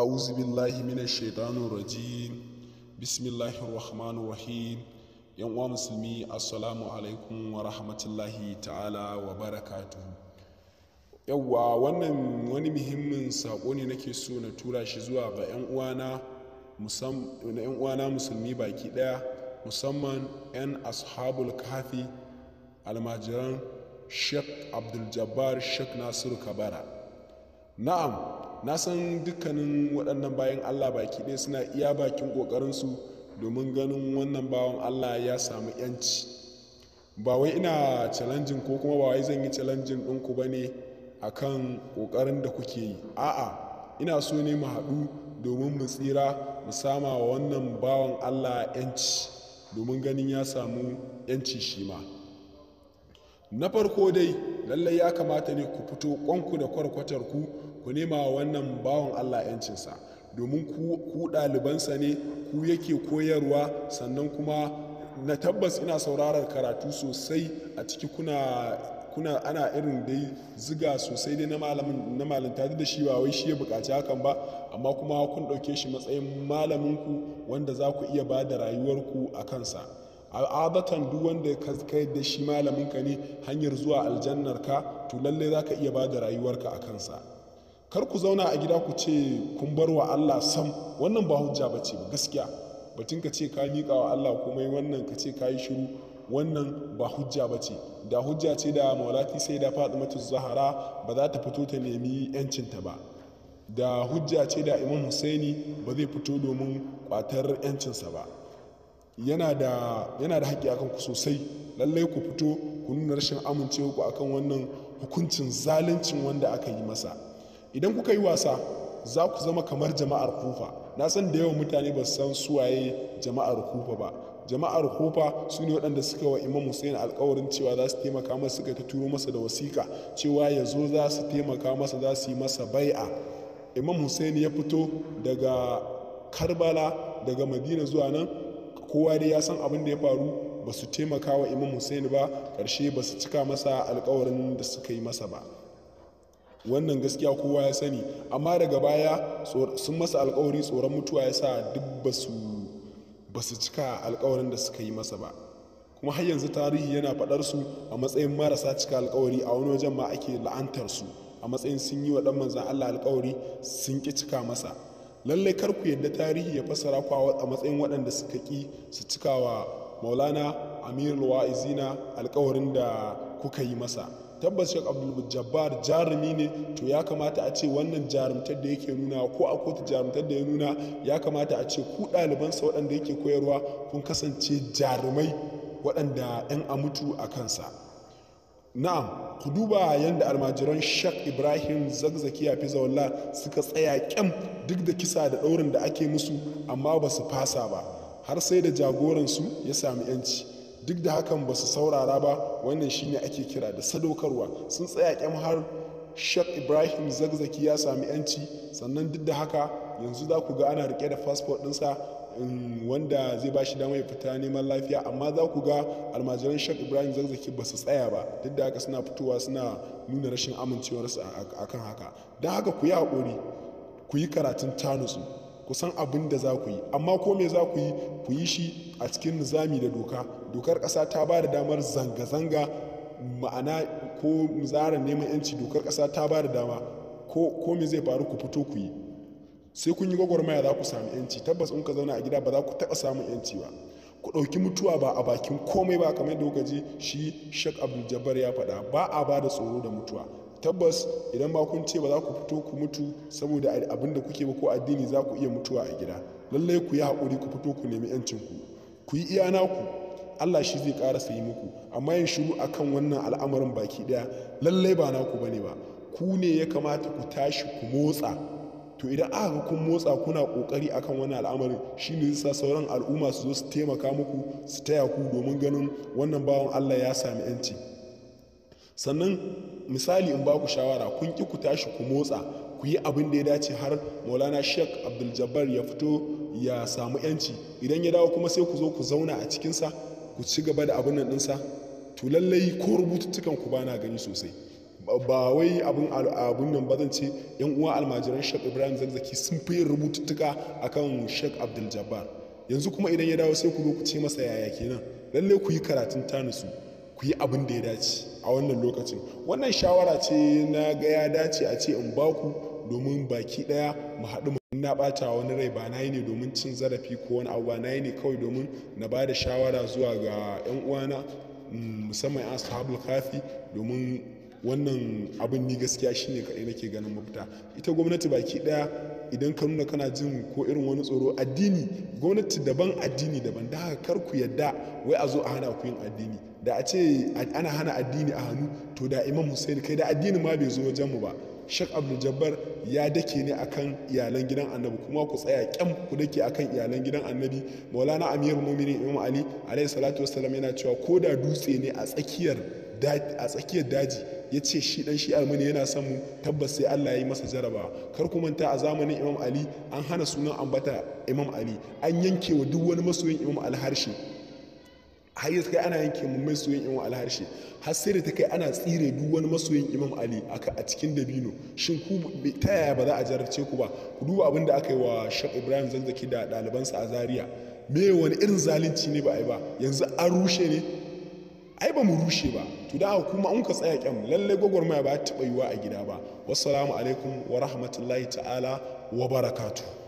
أعوذ بالله من الشيطان الرجيم بسم الله الرحمن الرحيم yan uwa musulmi assalamu alaikum wa rahmatullahi ta'ala wa barakatuhu yawwa wannan wani muhimmin sako ne nake so na tura shi zuwa ga yan uwana na yan uwana musulmi baki daya musamman yan ashabul kafi almajiran sheikh abdul jabbar sheikh nasiru kabara na'am na san dukkanin waɗannan bayan allah baki ɗaya suna iya bakin ƙoƙarinsu domin ganin wannan bawan allah ya samu yanci ba wai ina challenge ko kuma ba wai zan yi challenge ɗinku ba ne akan kan ƙoƙarin da kuke yi a'a ina so ne mu haɗu domin mu tsira mu sama wa wannan bawan allah yanci domin ganin ya samu yanci shi ma na farko dai lallai ya kamata ne ku fito ƙwanku da kwarkwatar ku ku nema wa wannan bawan allah yancinsa domin ku ɗalibansa ne ku yake koyarwa sannan kuma na tabbas ina saurarar karatu sosai a ciki kuna kuna ana irin dai ziga sosai dai na malinta da shi ba wai shi ya bukaci hakan ba amma kuma kun ɗauke shi matsayin malaminku wanda za ku iya ba da rayuwarku a kansa al'adatan duk wanda ka kai da shi malaminka ne hanyar zuwa aljannarka to lallai za ka iya ba da rayuwarka a kansa kar ku zauna a gida ku ce kun bar wa Allah sam wannan ba hujja ba ce gaskiya batun ka ce ka miƙa wa Allah komai wannan ka ce ka yi shiru wannan ba hujja ba ce da hujja ce da maulati sai da fatimatu zahara ba za ta fito ta nemi yancinta ba da hujja ce da imam husaini ba zai fito domin kwatar yancinsa ba yana da haƙƙi akan ku sosai lallai ku fito ku nuna rashin amincewa ku akan wannan hukuncin zaluncin wanda aka yi masa idan kuka yi wasa za ku zama kamar jama'ar kufa na san da yawan mutane ba san suwaye jama'ar kufa ba jama'ar kufa su ne waɗanda suka wa imam hussein alkawarin cewa za su taimaka masa suka ta turo masa da wasiƙa cewa ya zo za su taimaka masa za su yi masa bai'a imam hussein ya fito daga karbala daga madina zuwa nan kowa dai ya san abin da ya faru ba su taimaka wa imam hussein ba ƙarshe ba su cika masa alkawarin da suka yi masa ba wannan gaskiya kowa ya sani amma daga baya sun masa alkawari tsoron mutuwa ya sa duk ba su cika alkawarin da suka yi masa ba kuma har yanzu tarihi yana faɗar su a matsayin marasa cika alkawari a wani wajen ma ake la'antar su a matsayin sun yi wa dan manzan Allah alkawari sun ki cika masa lallai kar ku yadda tarihi ya fassara ku a matsayin waɗanda suka ki su cikawa maulana amirul wa'izina alkawarin da kuka yi masa tabbas shek abdulbujabbar jarumi ne to ya kamata a ce wannan jarumtar da yake nuna ko a kotu jarumtar da ya nuna ya kamata a ce ku ɗalibansa waɗanda yake koyarwa kun kasance jarumai waɗanda 'yan amutu a kansa na'am ku duba yadda almajiran shak ibrahim zagzaki ya fi zaula suka tsaya kyam duk da kisa da ɗaurin da ake musu amma ba su fasa ba har sai da jagoransu ya sami yanci duk da hakan ba su saurara ba wannan shine ake kira da sadaukarwa sun tsaya kyam har shak ibrahim zagzaki ya sami yanci sannan duk da haka yanzu za ku ga ana rike da fasfo ɗinsa um, wanda zai ba shi dama ya fita neman lafiya amma za ku ga almajiran shak ibrahim zagzaki ba su tsaya ba duk da haka suna fitowa suna nuna rashin amincewarsu kan haka don haka ku yi haƙuri ku yi karatun tanusu ku san abin da za ku yi amma ko me za ku yi ku yi shi a cikin nizami da doka dokar ƙasa ta ba da damar zanga-zanga ma'ana ko zara neman yanci dokar ƙasa ta ba da dama ko me zai faru ku fito ku yi sai kun yi gwagwarmaya za ku samu yanci tabbas in ka zauna a gida ba za ku taɓa samun yanci ba ku ɗauki mutuwa ba a bakin komai ba kamar da kuka ji shi shak abdul jabbar ya faɗa ba a ba da tsoro da mutuwa tabbas idan ba kun ce ba za ku fito ku mutu saboda abin da kuke ba ko addini za ku iya mutuwa a gida lallai ku yi haƙuri ku fito ku nemi yancinku ku yi iya naku Allah shi zai kara sayi muku amma yin shiru akan wannan al'amarin baki ɗaya lallai ba naku bane ba ku ne ya kamata ku tashi ku motsa to idan aka ga kun motsa kuna kokari akan wannan al'amarin ne zai sa sauran al'umma su zo su taimaka muku su taya ku domin ganin wannan bawan Allah ya sami yanci sannan misali in ba ku shawara kun ki ku tashi ku motsa ku yi abin da ya dace har maulana sheikh abdul ya fito ya samu yanci idan ya dawo kuma sai ku zo ku zauna a cikinsa ku ci gaba da abin nan ɗinsa to lallai ko rubututtukan ku bana gani sosai ba wai abin abun nan ba zan ce yan uwa almajiran sheikh ibrahim zarzaki sun fi yin rubututtuka akan sheikh abdul yanzu kuma idan ya dawo sai ku zo ku ce masa yaya kenan lallai ku yi karatun tanisu. ku yi abin da ya dace a wannan lokacin wannan shawara ce na ga ya dace a ce in baku domin baki daya mu haɗu na bata wani rai ba na yi ne domin cin zarafi ko wani abu ba na yi ne kawai domin na ba da shawara zuwa ga 'yan uwana mm, musamman 'yan sahabul kafi domin wannan abin ni gaskiya shine kaɗai nake ganin mafita ita gwamnati baki daya idan ka nuna kana jin ko irin wani tsoro addini gwamnati daban addini daban da haka kar ku yadda wai a zo a hana ku yin addini da a ce ana hana addini a hannu to da imam hussein kai da addini ma bai zo wajenmu ba shek abdul jabbar ya dake ne akan iyalan gidan annabi kuma ku tsaya kyam ku dake akan iyalan gidan annabi maulana amir muminin imam ali alayhi salatu wassalam yana cewa ko da dutse ne a tsakiyar daji ya ce shi dan shi almani yana son mu tabbas sai Allah ya yi masa jarabawa kar ku manta a zamanin Imam Ali an hana sunan ambata Imam Ali an yanke wa duk wani masoyin Imam Al harshe har ta kai ana yanke mun masoyin imam ali harshe har sai da ta kai ana tsire duk wani masoyin imam ali a cikin dabino shin ku ta yaya ba za a jarabce ku ba ku duba abin da aka yi wa shak ibrahim zanzaki da ɗalibansa a zaria me wani irin zalunci ne ba a yi ba yanzu an rushe ne ai ba mu rushe ba to da kuma an ka tsaya kyan lallai gwagwarmaya ba ta taɓa yiwa a gida ba wassalamu alaikum wa rahmatullahi ta'ala wa barakatuh